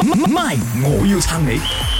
唔係，我要撐你。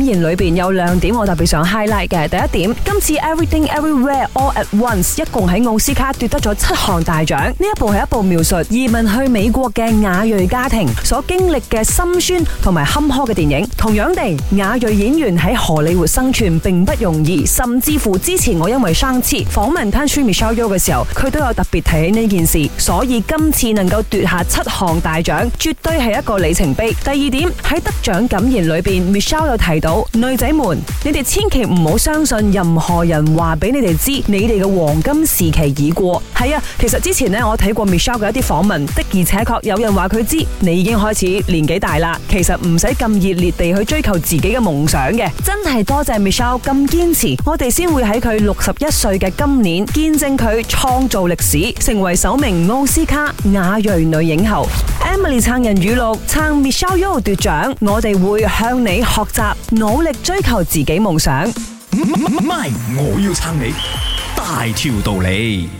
感言裏邊有兩點我特別想 highlight 嘅。第一點，今次 Everything Everywhere All at Once 一共喺奧斯卡奪得咗七項大獎。呢一部係一部描述移民去美國嘅亞裔家庭所經歷嘅心酸同埋坎坷嘅電影。同樣地，亞裔演員喺荷里活生存並不容易，甚至乎之前我因為生切訪問攤 Michelle Yeoh 嘅時候，佢都有特別提起呢件事。所以今次能夠奪下七項大獎，絕對係一個里程碑。第二點喺得獎感言裏邊，Michelle 有提到。女仔們，你哋千祈唔好相信任何人話俾你哋知，你哋嘅黃金時期已過。係啊，其實之前呢，我睇過 Michelle 嘅一啲訪問，的而且確有人話佢知你已經開始年紀大啦。其實唔使咁熱烈地去追求自己嘅夢想嘅。真係多謝 Michelle 咁堅持，我哋先會喺佢六十一歲嘅今年見證佢創造歷史，成為首名奧斯卡亞裔女影后。Emily 撐人語錄，撐 Michelle Young 奪獎，我哋會向你學習，努力追求自己夢想。唔係，我要撐你，大條道理。